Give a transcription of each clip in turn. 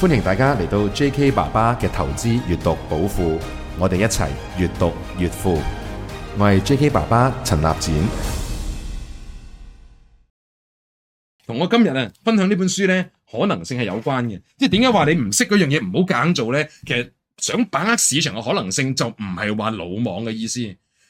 歡迎大家嚟到 J.K. 爸爸嘅投資閱讀寶庫，我哋一齊閱讀越富。我係 J.K. 爸爸陳立展，同我今日分享呢本書咧，可能性係有關嘅。即係點解話你唔識嗰樣嘢唔好揀做呢？其實想把握市場嘅可能性就唔係話魯莽嘅意思，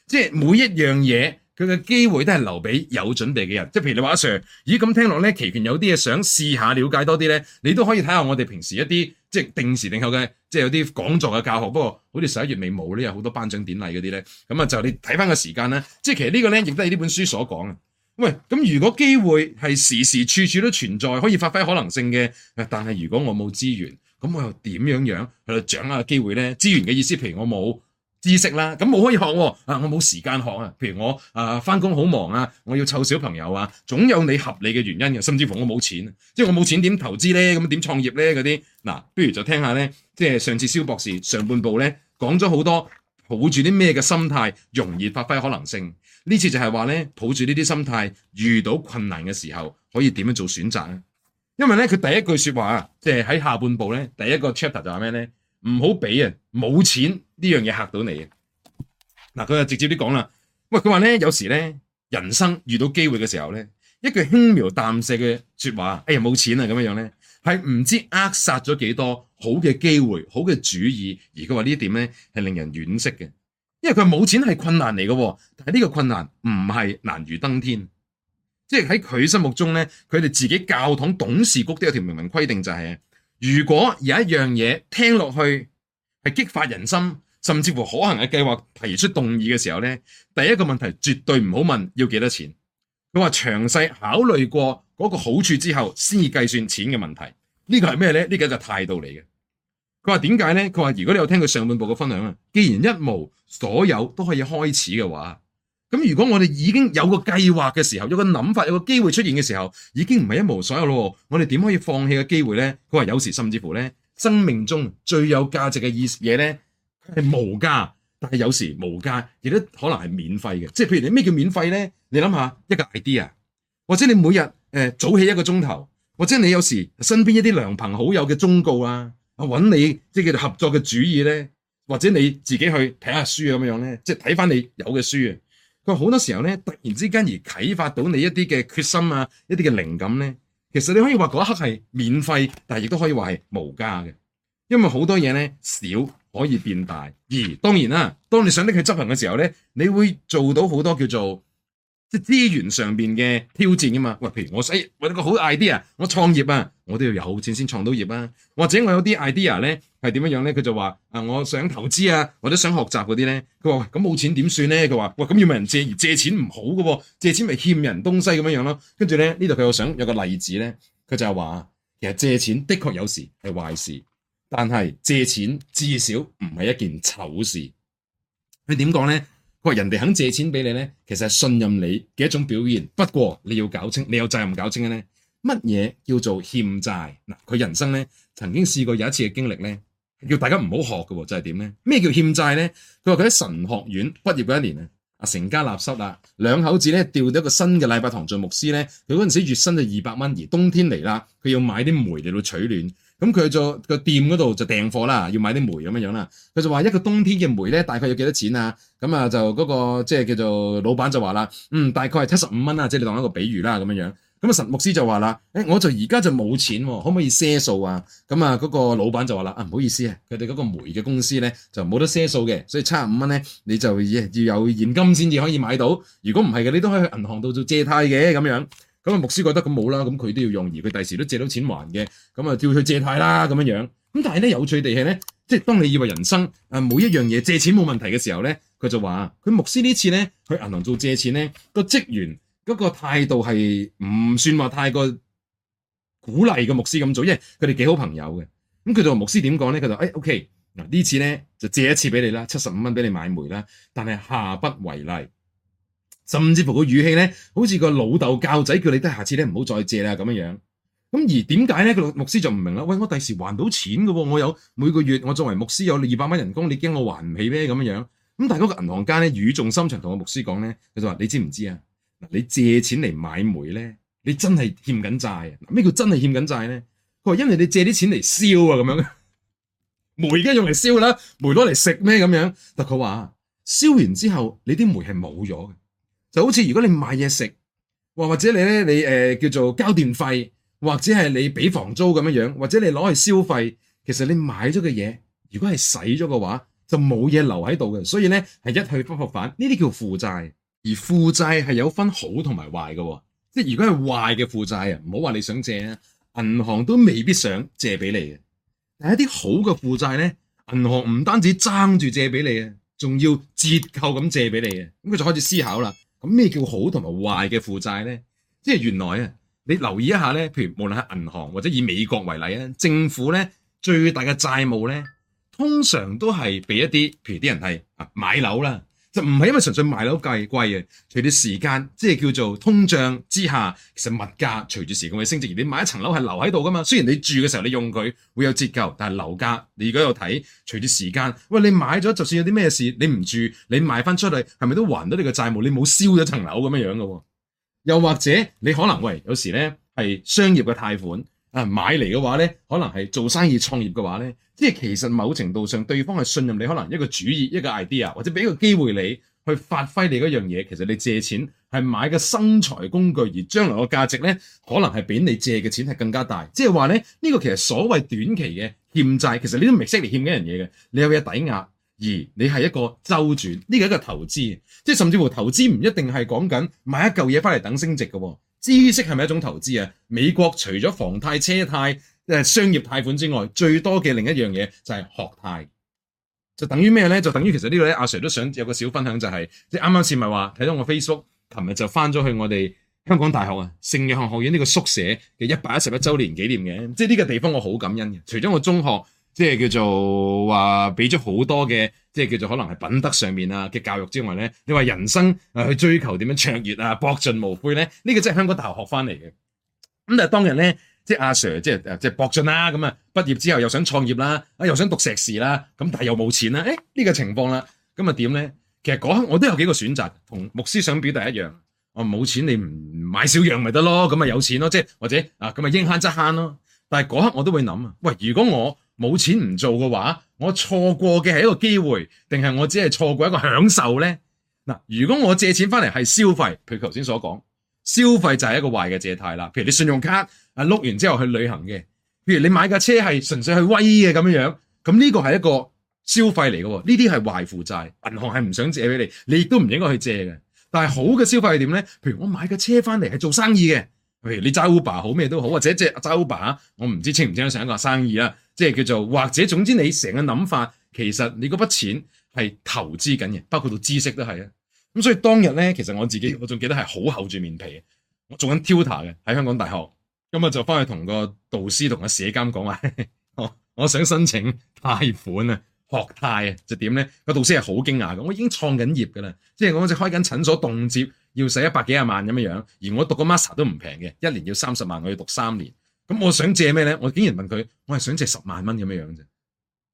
即、係、每一樣嘢。佢嘅機會都係留俾有準備嘅人，即係譬如你話阿 Sir，咦咁聽落咧，期權有啲嘢想試下了解多啲咧，你都可以睇下我哋平時一啲即係定時定候嘅，即係有啲講座嘅教學。不過好似十一月尾冇呢，有好多頒獎典禮嗰啲咧，咁啊就你睇翻個時間咧，即係其實呢個咧亦都係呢本書所講嘅。喂，咁如果機會係時時處處都存在，可以發揮可能性嘅，但係如果我冇資源，咁我又點樣樣去掌握機會咧？資源嘅意思，譬如我冇。知識啦，咁冇可以學喎、哦、啊！我冇時間學啊，譬如我啊返工好忙啊，我要湊小朋友啊，總有你合理嘅原因嘅、啊。甚至乎我冇錢，即係我冇錢點投資呢？咁點創業呢？嗰啲嗱，不如就聽下呢。即係上次蕭博士上半部呢講咗好多，抱住啲咩嘅心態容易發揮可能性。呢次就係話呢，抱住呢啲心態遇到困難嘅時候可以點樣做選擇呢？因為呢，佢第一句説話啊，即係喺下半部呢，第一個 chapter 就係咩呢？唔好俾啊，冇錢呢樣嘢，吓到你啊！嗱，佢就直接啲講啦。喂，佢話咧，有時咧，人生遇到機會嘅時候咧，一句輕描淡寫嘅說話，哎呀冇錢啊，咁樣樣咧，係唔知扼殺咗幾多好嘅機會、好嘅主意。而佢話呢一點咧，係令人惋惜嘅。因為佢冇錢係困難嚟嘅，但係呢個困難唔係難如登天。即係喺佢心目中咧，佢哋自己教堂董事局都有條明文規定就係、是。如果有一樣嘢聽落去係激發人心，甚至乎可行嘅計劃提出動議嘅時候呢，第一個問題絕對唔好問要幾多錢。佢話詳細考慮過嗰個好處之後，先至計算錢嘅問題。呢個係咩呢？呢個就態度嚟嘅。佢話點解呢？佢話如果你有聽佢上半部嘅分享啊，既然一無所有都可以開始嘅話。咁如果我哋已經有個計劃嘅時候，有個諗法，有個機會出現嘅時候，已經唔係一無所有咯。我哋點可以放棄個機會咧？佢話有時甚至乎咧，生命中最有價值嘅意思嘢咧，係無價，但係有時無價，亦都可能係免費嘅。即係譬如你咩叫免費咧？你諗下一個 idea，或者你每日誒早起一個鐘頭，或者你有時身邊一啲良朋好友嘅忠告啊，啊揾你即係叫做合作嘅主意咧，或者你自己去睇下書咁樣咧，即係睇翻你有嘅書。好多時候咧，突然之間而啟發到你一啲嘅決心啊，一啲嘅靈感呢。其實你可以話嗰一刻係免費，但係亦都可以話係無價嘅，因為好多嘢呢，少可以變大。而當然啦，當你想拎佢執行嘅時候呢，你會做到好多叫做。即係資源上邊嘅挑戰噶嘛？喂，譬如我想，我有個好 idea，我創業啊，我都要有錢先創到業啊。或者我有啲 idea 咧，係點樣樣咧？佢就話：啊、呃，我想投資啊，或者想學習嗰啲咧。佢話咁冇錢點算咧？佢話喂，咁要問人借，而借錢唔好噶、啊，借錢咪欠人東西咁樣樣咯。跟住咧，呢度佢又想有個例子咧，佢就係話，其實借錢的確有時係壞事，但係借錢至少唔係一件醜事。佢點講咧？佢話人哋肯借錢俾你咧，其實係信任你嘅一種表現。不過你要搞清，你有責任搞清嘅咧，乜嘢叫做欠債嗱？佢人生咧曾經試過有一次嘅經歷咧，叫大家唔好學嘅就係點咧？咩叫欠債咧？佢話佢喺神學院畢業嗰一年啊，啊成家立室啦，兩口子咧調咗一個新嘅禮拜堂做牧師咧。佢嗰陣時月薪就二百蚊，而冬天嚟啦，佢要買啲煤嚟到取暖。咁佢做個店嗰度就訂貨啦，要買啲煤咁樣樣啦。佢就話一個冬天嘅煤咧，大概要幾多錢啊？咁啊、那個，就嗰個即係叫做老闆就話啦，嗯，大概係七十五蚊啊，即係你當一個比喻啦咁樣樣。咁啊，神牧師就話啦，誒、欸，我就而家就冇錢喎、啊，可唔可以賒數啊？咁啊，嗰個老闆就話啦，啊，唔好意思啊，佢哋嗰個煤嘅公司咧就冇得賒數嘅，所以七十五蚊咧你就要有現金先至可以買到。如果唔係嘅，你都可以去銀行度做借貸嘅咁樣。咁啊，牧師覺得咁冇啦，咁佢都要用，而佢第時都借到錢還嘅，咁啊叫佢借貸啦咁樣樣。咁但係咧有趣地氣咧，即係當你以為人生啊每一樣嘢借錢冇問題嘅時候咧，佢就話，佢牧師呢次咧去銀行做借錢咧，個職員嗰個態度係唔算話太過鼓勵個牧師咁做，因為佢哋幾好朋友嘅。咁佢就牧師點講咧？佢就誒、哎、OK 嗱呢次咧就借一次俾你啦，七十五蚊俾你買煤啦，但係下不為例。甚至乎個語氣咧，好似個老豆教仔，叫你都係下次咧唔好再借啦咁樣樣。咁而點解咧？個牧師就唔明啦。喂，我第時還到錢嘅喎，我有每個月我作為牧師有二百蚊人工，你驚我還唔起咩咁樣？咁但係嗰個銀行家咧語重心長同個牧師講咧，佢就話：你知唔知啊？你借錢嚟買煤咧，你真係欠緊債啊！咩叫真係欠緊債咧？佢話因為你借啲錢嚟燒啊，咁樣煤而家用嚟燒啦，煤攞嚟食咩咁樣？但佢話燒完之後，你啲煤係冇咗嘅。就好似如果你買嘢食，或者你咧你誒、呃、叫做交電費，或者係你俾房租咁樣樣，或者你攞去消費，其實你買咗嘅嘢，如果係使咗嘅話，就冇嘢留喺度嘅，所以咧係一去不復返。呢啲叫負債，而負債係有分好同埋壞嘅，即係如果係壞嘅負債啊，唔好話你想借，銀行都未必想借俾你嘅。但係一啲好嘅負債咧，銀行唔單止爭住借俾你啊，仲要折扣咁借俾你啊，咁佢就開始思考啦。咁咩叫好同埋壞嘅負債呢？即係原來啊，你留意一下呢，譬如無論係銀行或者以美國為例啊，政府呢最大嘅債務呢，通常都係畀一啲譬如啲人係啊買樓啦。就唔係因為純粹買樓計貴嘅。隨住時間，即係叫做通脹之下，其實物價隨住時間會升值。而你買一層樓係留喺度噶嘛，雖然你住嘅時候你用佢會有折舊，但係樓價你而家又睇隨住時間，喂，你買咗就算有啲咩事，你唔住你賣翻出去，係咪都還到你個債務？你冇燒咗層樓咁樣樣噶？又或者你可能，喂，有時咧係商業嘅貸款。啊，買嚟嘅話呢，可能係做生意創業嘅話呢，即係其實某程度上，對方係信任你，可能一個主意、一個 idea，或者俾個機會你去發揮你嗰樣嘢。其實你借錢係買個生財工具，而將來個價值呢，可能係比你借嘅錢係更加大。即係話呢，呢個其實所謂短期嘅欠債，其實你都未識嚟欠一樣嘢嘅。你有嘢抵押，而你係一個周轉，呢個一個投資。即係甚至乎投資唔一定係講緊買一嚿嘢翻嚟等升值嘅，啊。知識係咪一種投資啊？美國除咗房貸、車貸、誒商業貸款之外，最多嘅另一樣嘢就係學貸，就等於咩咧？就等於其實個呢度咧，阿 Sir 都想有個小分享，就是，就係即係啱啱先咪話睇到我 Facebook，琴日就翻咗去我哋香港大學啊聖約翰學院呢個宿舍嘅一百一十一週年紀念嘅，即係呢個地方我好感恩嘅，除咗我中學。即係叫做話俾咗好多嘅，即係叫做可能係品德上面啊嘅教育之外咧，你話人生啊去追求點樣卓越啊博盡無悔咧，呢、這個真係香港大學學翻嚟嘅。咁但係啊，當日咧，即係阿 Sir，即係即係博進啦，咁啊，畢業之後又想創業啦，啊，又想讀碩士啦，咁但係又冇錢啦，誒、哎、呢、這個情況啦，咁啊點咧？其實嗰刻我都有幾個選擇，同牧師想表達一樣，我冇錢你唔買少樣咪得咯，咁啊有錢咯，即係或者啊咁啊應慳則慳咯。但係嗰刻我都會諗啊，喂，如果我冇錢唔做嘅話，我錯過嘅係一個機會，定係我只係錯過一個享受呢？嗱，如果我借錢翻嚟係消費，譬如頭先所講，消費就係一個壞嘅借貸啦。譬如你信用卡啊碌完之後去旅行嘅，譬如你買架車係純粹去威嘅咁樣樣，咁呢個係一個消費嚟嘅喎，呢啲係壞負債，銀行係唔想借俾你，你亦都唔應該去借嘅。但係好嘅消費係點呢？譬如我買架車翻嚟係做生意嘅，譬如你揸 Uber 好咩都好，或者借揸 Uber 我唔知稱唔稱得上一個生意啊？即係叫做，或者總之你成個諗法，其實你嗰筆錢係投資緊嘅，包括到知識都係啊。咁所以當日咧，其實我自己我仲記得係好厚住面皮，我做緊 Tutor 嘅喺香港大學，今日就翻去同個導師同阿舍監講話，我想申請貸款啊，學貸啊，就點咧？個導師係好驚訝嘅，我已經創緊業㗎啦，即係我只開緊診所，動輒要使一百幾廿萬咁樣樣，而我讀個 master 都唔平嘅，一年要三十萬，我要讀三年。咁我想借咩咧？我竟然問佢，我係想借十萬蚊咁樣樣啫。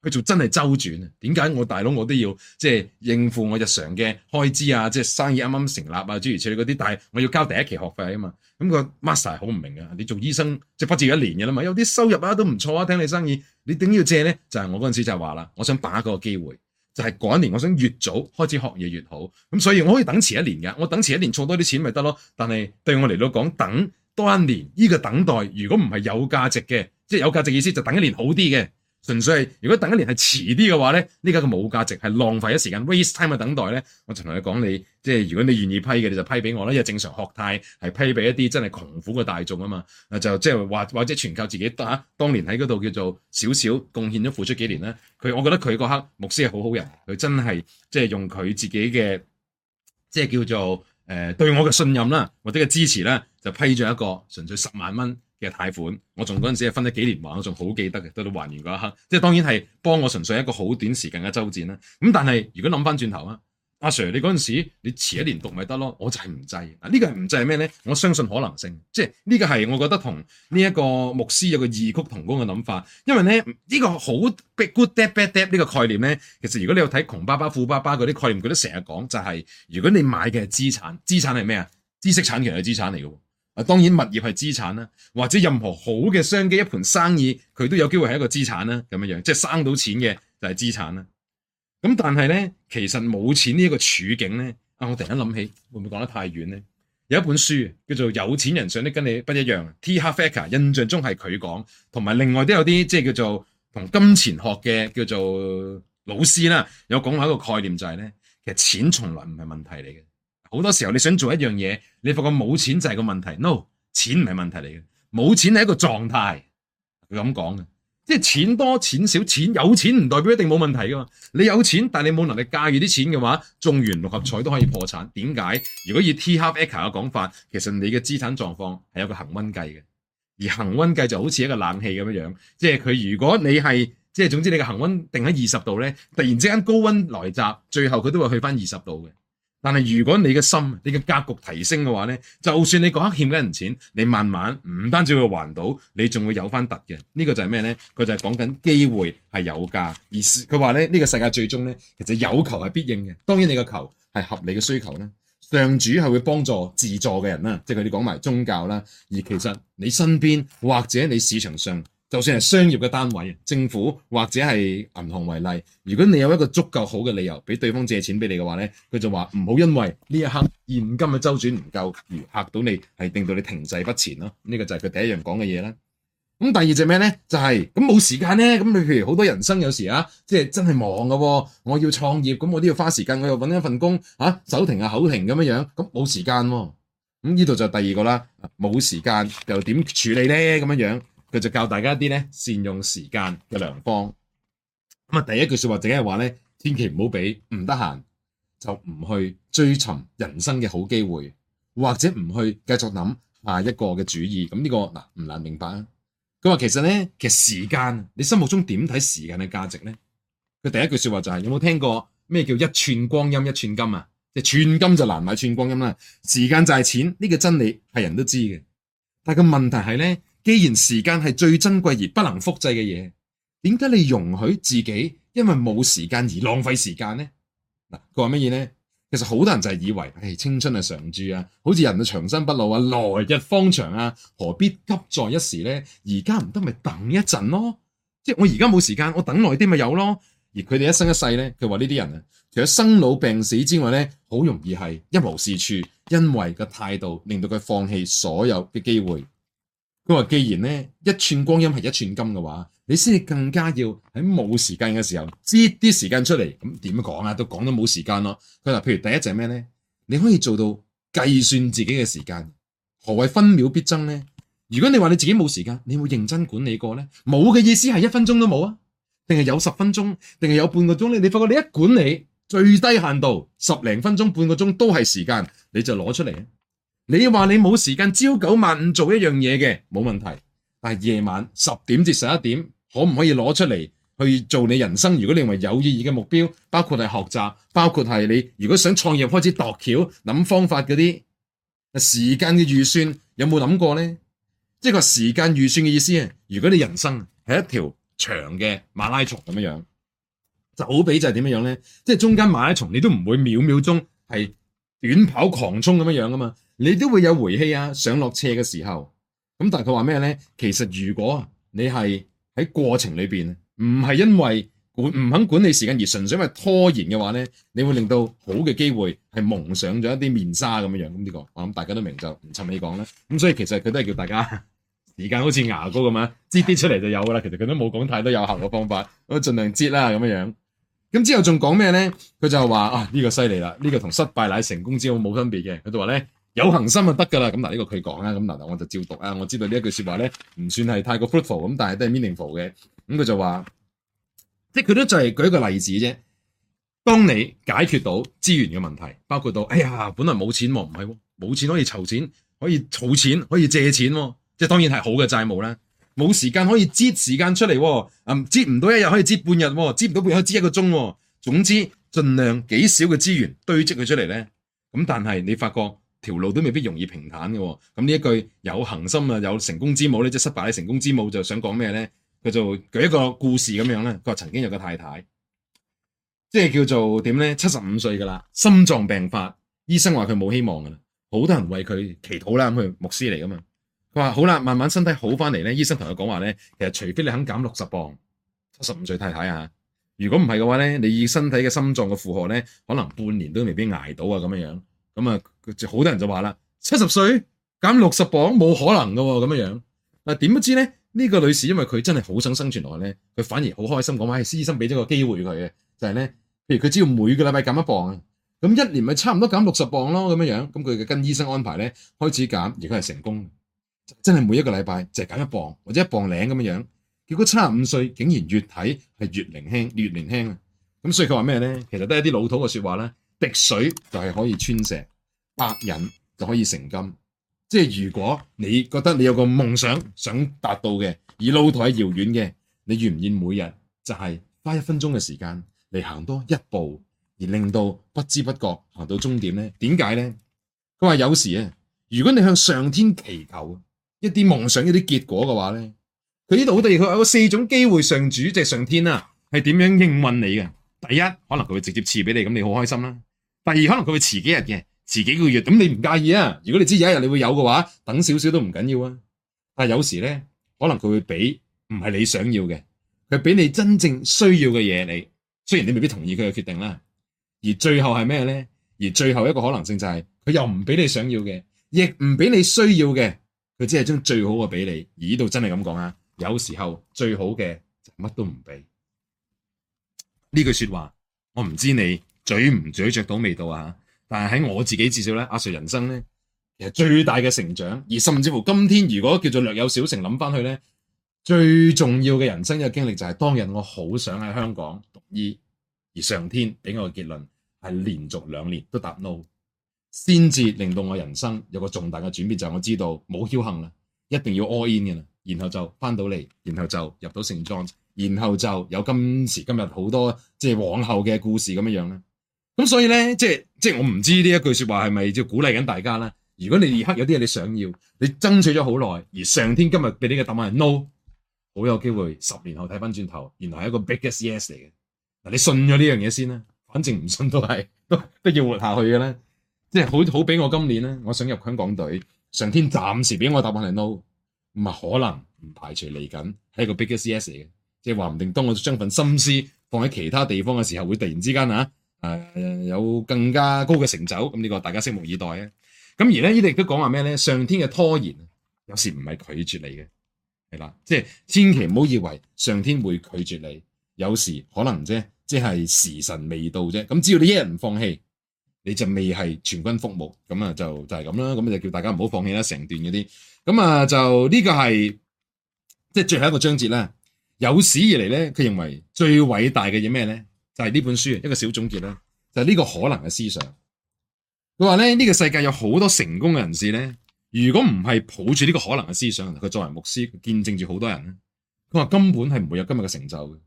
佢做真係周轉啊？點解我大佬我都要即係、就是、應付我日常嘅開支啊？即、就、係、是、生意啱啱成立啊，諸如此類嗰啲，但係我要交第一期學費啊嘛。咁、那個 master 好唔明啊。你做醫生即係、就是、不止一年嘅啦嘛，有啲收入啊都唔錯啊。聽你生意，你點要借咧？就係、是、我嗰陣時就話啦，我想把握個機會，就係、是、嗰一年，我想越早開始學嘢越好。咁所以我可以等遲一年嘅，我等遲一年儲多啲錢咪得咯。但係對我嚟到講等。多一年，呢、這個等待如果唔係有價值嘅，即係有價值意思就等一年好啲嘅。純粹係如果等一年係遲啲嘅話咧，呢家嘅冇價值，係浪費咗時間。Waste time 嘅等待咧，我就同佢講，你即係如果你願意批嘅，你就批俾我啦。因為正常學貸係批俾一啲真係窮苦嘅大眾啊嘛，啊就即係或或者全靠自己得、啊。當年喺嗰度叫做少少貢獻咗，付出幾年咧。佢我覺得佢嗰刻牧師係好好人，佢真係即係用佢自己嘅，即係叫做。誒、呃，對我嘅信任啦，或者嘅支持咧，就批咗一個純粹十萬蚊嘅貸款，我仲嗰陣時係分咗幾年還，我仲好記得嘅，到到還完嗰一刻，即係當然係幫我純粹一個好短時間嘅周轉啦。咁但係如果諗翻轉頭啊。阿、啊、Sir，你嗰陣時你遲一年讀咪得咯，我就係唔制啊！這個、呢個係唔制係咩咧？我相信可能性，即係呢、這個係我覺得同呢一個牧師有個異曲同工嘅諗法，因為咧呢、這個好 good debt bad debt 呢個概念咧，其實如果你有睇窮爸爸富爸爸嗰啲概念，佢都成日講就係、是、如果你買嘅係資產，資產係咩啊？知識產權係資產嚟嘅，啊當然物業係資產啦，或者任何好嘅商機一盤生意，佢都有機會係一個資產啦，咁樣樣即係生到錢嘅就係資產啦。咁但係咧，其實冇錢呢一個處境咧，啊，我突然間諗起，會唔會講得太遠咧？有一本書叫做《有錢人想的跟你不一樣》，T Harv Eker 印象中係佢講，同埋另外都有啲即係叫做同金錢學嘅叫做老師啦，有講過一個概念就係咧，其實錢從來唔係問題嚟嘅，好多時候你想做一樣嘢，你發覺冇錢就係個問題，no，錢唔係問題嚟嘅，冇錢係一個狀態，佢咁講嘅。即係錢多錢少，錢有錢唔代表一定冇問題噶嘛。你有錢，但係你冇能力駕馭啲錢嘅話，中完六合彩都可以破產。點解？如果以 T. Harv Eker 嘅講法，其實你嘅資產狀況係一個恆溫計嘅，而恆溫計就好似一個冷氣咁樣樣。即係佢如果你係即係總之你嘅恆溫定喺二十度咧，突然之間高溫來襲，最後佢都會去翻二十度嘅。但係如果你嘅心、你嘅格局提升嘅話咧，就算你嗰刻欠緊人錢，你慢慢唔單止會還到，你仲會有返突嘅。呢個就係咩咧？佢就係講緊機會係有噶，而佢話咧，呢個世界最終咧，其實有求係必應嘅。當然你個求係合理嘅需求咧，上主係會幫助自助嘅人啦，即係佢哋講埋宗教啦。而其實你身邊或者你市場上。就算係商業嘅單位，政府或者係銀行為例，如果你有一個足夠好嘅理由，俾對方借錢俾你嘅話咧，佢就話唔好因為呢一刻現金嘅周轉唔夠而嚇到你，係令到你停滯不前咯。呢、這個就係佢第一樣講嘅嘢啦。咁第二隻咩咧？就係咁冇時間咧。咁你譬如好多人生有時啊，即、就、係、是、真係忙噶，我要創業，咁我都要花時間，我要搵一份工，吓、啊、手停啊口停咁樣樣，咁冇時間、啊。咁呢度就第二個啦，冇時間又點處理咧？咁樣樣。佢就教大家一啲咧善用時間嘅良方。咁啊，第一句說話就係話咧，千祈唔好俾唔得閒就唔去追尋人生嘅好機會，或者唔去繼續諗下一個嘅主意。咁、這、呢個嗱，唔難明白啊。佢話其實咧，其實時間你心目中點睇時間嘅價值咧？佢第一句說話就係、是，有冇聽過咩叫一寸光陰一寸金啊？即係寸金就難買寸光陰啦。時間就係錢，呢、這個真理係人都知嘅。但係個問題係咧。既然時間係最珍貴而不能複製嘅嘢，點解你容許自己因為冇時間而浪費時間呢？嗱，佢話乜嘢呢？其實好多人就係以為，誒、哎，青春係常住啊，好似人啊長生不老啊，來日方長啊，何必急在一時呢？而家唔得咪等一陣咯，即係我而家冇時間，我等耐啲咪有咯。而佢哋一生一世呢？佢話呢啲人啊，除咗生老病死之外呢，好容易係一無是處，因為個態度令到佢放棄所有嘅機會。佢話既然咧一寸光陰係一寸金嘅話，你先至更加要喺冇時間嘅時候，擠啲時間出嚟。咁點講啊？都講得冇時間咯。佢話譬如第一就係咩咧？你可以做到計算自己嘅時間。何謂分秒必爭咧？如果你話你自己冇時間，你有冇認真管理過咧？冇嘅意思係一分鐘都冇啊？定係有十分鐘？定係有半個鐘咧？你發覺你一管理，最低限度十零分鐘、半個鐘都係時間，你就攞出嚟。你話你冇時間朝九晚五做一樣嘢嘅冇問題，但係夜晚十點至十一點可唔可以攞出嚟去做你人生？如果你認為有意義嘅目標，包括係學習，包括係你如果想創業開始度橋諗方法嗰啲時間嘅預算有冇諗過呢？即係個時間預算嘅意思啊！如果你人生係一條長嘅馬拉松咁樣樣，就好比就係點樣樣呢？即係中間馬拉松你都唔會秒秒鐘係短跑狂衝咁樣樣噶嘛？你都會有回氣啊！上落車嘅時候，咁但係佢話咩咧？其實如果你係喺過程裏邊，唔係因為管唔肯管理時間而純粹因為拖延嘅話咧，你會令到好嘅機會係蒙上咗一啲面紗咁樣樣。咁、這、呢個我諗大家都明，就唔插你講啦。咁所以其實佢都係叫大家時間好似牙膏咁樣擠啲出嚟，就有噶啦。其實佢都冇講太多有效嘅方法，我盡量擠啦咁樣樣。咁之後仲講咩咧？佢就話啊呢、這個犀利啦，呢、這個同失敗乃成功之母冇分別嘅。佢就話咧。有恆心就得噶啦，咁嗱呢個佢講啊，咁嗱嗱我就照讀啊，我知道呢一句說話咧唔算係太過 fruitful，咁但係都係 meaningful 嘅，咁、嗯、佢就話，即係佢都就係舉一個例子啫，當你解決到資源嘅問題，包括到，哎呀，本來冇錢喎，唔係喎，冇錢可以籌錢，可以儲錢，可以借錢，即係當然係好嘅債務啦，冇時間可以擠時間出嚟，啊，擠唔到一日可以擠半日，擠唔到半日可以擠一個鐘，總之盡量幾少嘅資源堆積佢出嚟咧，咁但係你發覺。條路都未必容易平坦嘅、哦，咁呢一句有恒心啊，有成功之母咧，即失敗嘅成功之母，就想講咩咧？佢就舉一個故事咁樣咧，佢話曾經有個太太，即係叫做點咧，七十五歲噶啦，心臟病發，醫生話佢冇希望噶啦，好多人爲佢祈禱啦，咁佢牧師嚟噶嘛，佢話好啦，慢慢身體好翻嚟咧，醫生同佢講話咧，其實除非你肯減六十磅，七十五歲太太啊，如果唔係嘅話咧，你以身體嘅心臟嘅負荷咧，可能半年都未必挨到啊，咁樣樣。咁啊，就好多人就話啦，七十歲減六十磅冇可能㗎喎，咁樣樣但，點不知咧？呢個女士因為佢真係好想生存落去咧，佢反而好開心，講話係，施醫生俾咗個機會佢嘅，就係咧，譬如佢只要每個禮拜減一磅，咁一年咪差唔多減六十磅咯，咁樣樣，咁佢嘅跟醫生安排咧開始減，而家係成功，真係每一個禮拜就係減一磅或者一磅零咁樣樣，結果七十五歲竟然越睇係越年輕，越年輕啊！咁所以佢話咩咧？其實都係一啲老土嘅說話啦。滴水就係可以穿石，百忍就可以成金。即係如果你覺得你有個夢想想達到嘅，而路途係遙遠嘅，你願唔願每日就係花一分鐘嘅時間嚟行多一步，而令到不知不覺行到終點咧？點解咧？佢話有時啊，如果你向上天祈求一啲夢想一啲結果嘅話咧，佢呢度好特別，佢有四種機會，上主即係上天啊，係點樣應允你嘅？第一，可能佢會直接賜俾你，咁你好開心啦。第二，可能佢會遲幾日嘅，遲幾個月，咁你唔介意啊？如果你知有一日你會有嘅話，等少少都唔緊要啊。但係有時咧，可能佢會俾唔係你想要嘅，佢俾你真正需要嘅嘢你。雖然你未必同意佢嘅決定啦，而最後係咩咧？而最後一個可能性就係，佢又唔俾你想要嘅，亦唔俾你需要嘅，佢只係將最好嘅俾你。而呢度真係咁講啊，有時候最好嘅就乜都唔俾。呢句說話我唔知你。咀唔咀嚼到味道啊！但係喺我自己至少咧，阿 Sir 人生咧，其實最大嘅成長，而甚至乎今天如果叫做略有小成諗翻去咧，最重要嘅人生嘅經歷就係當日我好想喺香港讀醫，而上天俾我嘅結論係連續兩年都答 no，先至令到我人生有個重大嘅轉變，就係我知道冇僥幸啦，一定要 all in 嘅啦，然後就翻到嚟，然後就入到聖莊，然後就有今時今日好多即係往後嘅故事咁樣樣咧。咁所以咧，即係即係，我唔知呢一句說話係咪即鼓勵緊大家咧。如果你而家有啲嘢你想要，你爭取咗好耐，而上天今日俾你嘅答案係 no，好有機會十年後睇翻轉頭，原來係一個 biggest yes 嚟嘅。嗱，你信咗呢樣嘢先啦，反正唔信都係都都要活下去嘅咧。即係好好俾我今年咧，我想入香港隊，上天暫時俾我答案係 no，唔係可能，唔排除嚟緊係一個 biggest yes 嚟嘅。即係話唔定當我將份心思放喺其他地方嘅時候，會突然之間啊～誒、啊，有更加高嘅成就，咁、這、呢個大家拭目以待啊！咁而咧呢度亦都講話咩咧？上天嘅拖延，有時唔係拒絕你嘅，係啦，即係千祈唔好以為上天會拒絕你，有時可能啫，即係時辰未到啫。咁只要你一日唔放棄，你就未係全軍覆沒。咁啊就就係咁啦。咁就叫大家唔好放棄啦。成段嗰啲，咁啊就呢、這個係即係最後一個章節啦。有史以嚟咧，佢認為最偉大嘅嘢咩咧？就係呢本書一個小總結啦。就呢個可能嘅思想，佢話咧，呢個世界有好多成功嘅人士咧，如果唔係抱住呢個可能嘅思想，佢作為牧師佢見證住好多人咧，佢話根本係唔會有今日嘅成就。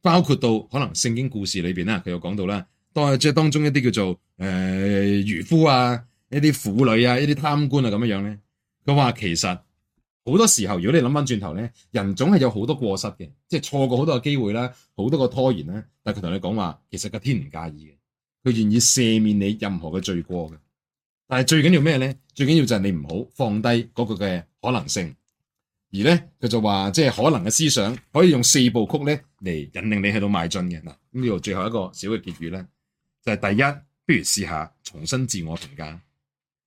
包括到可能聖經故事裏面咧，佢有講到啦，當中一啲叫做誒漁夫啊，一啲婦女啊，一啲貪官啊咁樣樣咧，佢話其實。好多時候，如果你諗翻轉頭咧，人總係有好多過失嘅，即係錯過好多嘅機會啦，好多個拖延啦。但係佢同你講話，其實個天唔介意嘅，佢願意赦免你任何嘅罪過嘅。但係最緊要咩咧？最緊要就係你唔好放低嗰個嘅可能性。而咧，佢就話即係可能嘅思想，可以用四部曲咧嚟，引領你喺度邁進嘅嗱。咁呢度最後一個小嘅結語咧，就係第一，不如試下重新自我評價，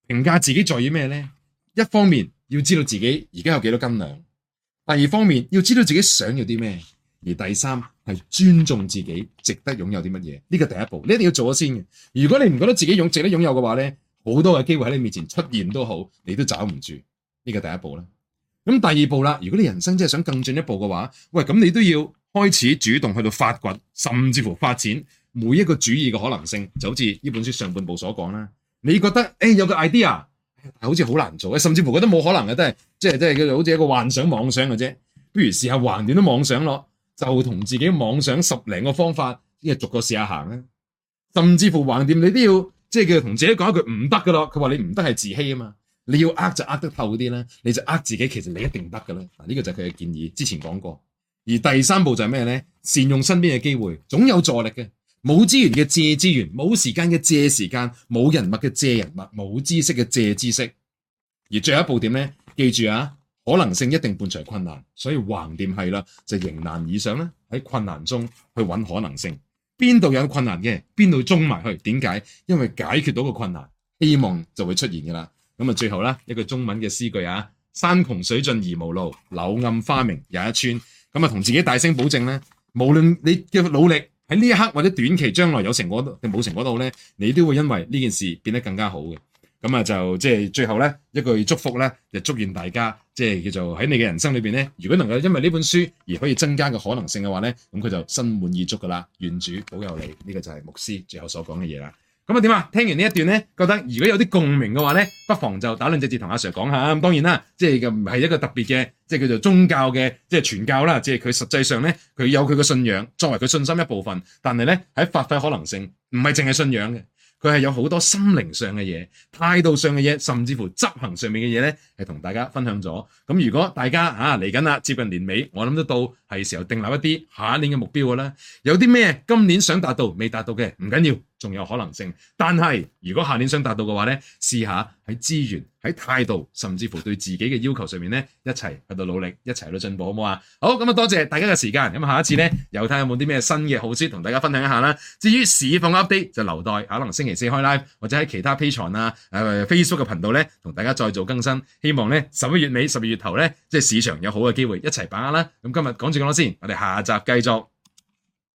評價自己在意咩咧？一方面要知道自己而家有幾多斤糧，第二方面要知道自己想要啲咩，而第三係尊重自己，自己值得擁有啲乜嘢。呢個第一步你一定要做咗先。如果你唔覺得自己擁值得擁有嘅話呢，好多嘅機會喺你面前出現都好，你都找唔住。呢個第一步啦。咁第二步啦，如果你人生真係想更進一步嘅話，喂，咁你都要開始主動去到發掘，甚至乎發展每一個主意嘅可能性。就好似呢本書上半部所講啦，你覺得誒、哎、有個 idea，好似好難做，甚至乎覺得冇可能嘅，都係即係即係叫做好似一個幻想妄想嘅啫。不如試下橫掂都妄想咯，就同自己妄想十零個方法，一個逐個試下行啦。甚至乎橫掂你都要即係叫同自己講一句唔得噶咯。佢話你唔得係自欺啊嘛，你要呃就呃得透啲咧，你就呃自己，其實你一定得噶啦。嗱、這、呢個就係佢嘅建議，之前講過。而第三步就係咩咧？善用身邊嘅機會，總有助力嘅。冇資源嘅借資源，冇時間嘅借時間，冇人物嘅借人物，冇知識嘅借知識。而最後一步點呢？記住啊，可能性一定伴隨困難，所以橫掂係啦，就迎難而上啦。喺困難中去揾可能性，邊度有困難嘅，邊度中埋去。點解？因為解決到個困難，希望就會出現噶啦。咁啊，最後啦，一句中文嘅詩句啊：山窮水盡而無路，柳暗花明又一村。咁啊，同自己大聲保證呢，無論你嘅努力。喺呢一刻或者短期將來有成果定冇成果度，咧，你都會因為呢件事變得更加好嘅。咁啊就即係最後咧一句祝福咧，就祝願大家即係叫做喺你嘅人生裏邊咧，如果能夠因為呢本書而可以增加嘅可能性嘅話咧，咁佢就心滿意足噶啦。願主保佑你。呢個就係牧師最後所講嘅嘢啦。咁啊，點啊？聽完呢一段咧，覺得如果有啲共鳴嘅話咧，不妨就打兩隻字同阿 Sir 講下。咁當然啦，即係唔係一個特別嘅，即係叫做宗教嘅，即係傳教啦。即係佢實際上咧，佢有佢嘅信仰作為佢信心一部分。但係咧喺發揮可能性，唔係淨係信仰嘅，佢係有好多心靈上嘅嘢、態度上嘅嘢，甚至乎執行上面嘅嘢咧，係同大家分享咗。咁如果大家啊嚟緊啦，接近年尾，我諗得到係時候訂立一啲下一年嘅目標噶啦。有啲咩今年想達到未達到嘅，唔緊要。仲有可能性，但係如果下年想達到嘅話呢，試下喺資源、喺態度，甚至乎對自己嘅要求上面呢，一齊喺度努力，一齊去進步，好冇啊？好，咁啊，多謝、謝大家嘅時間，咁下一次呢，又睇下有冇啲咩新嘅好書同大家分享一下啦。至於市況 update 就留待可能星期四開 live 或者喺其他 Patreon 啊、誒、啊、Facebook 嘅頻道呢，同大家再做更新。希望呢十一月尾、十二月頭呢，即係市場有好嘅機會，一齊把握啦。咁今日講住咁多先說說，我哋下集繼續。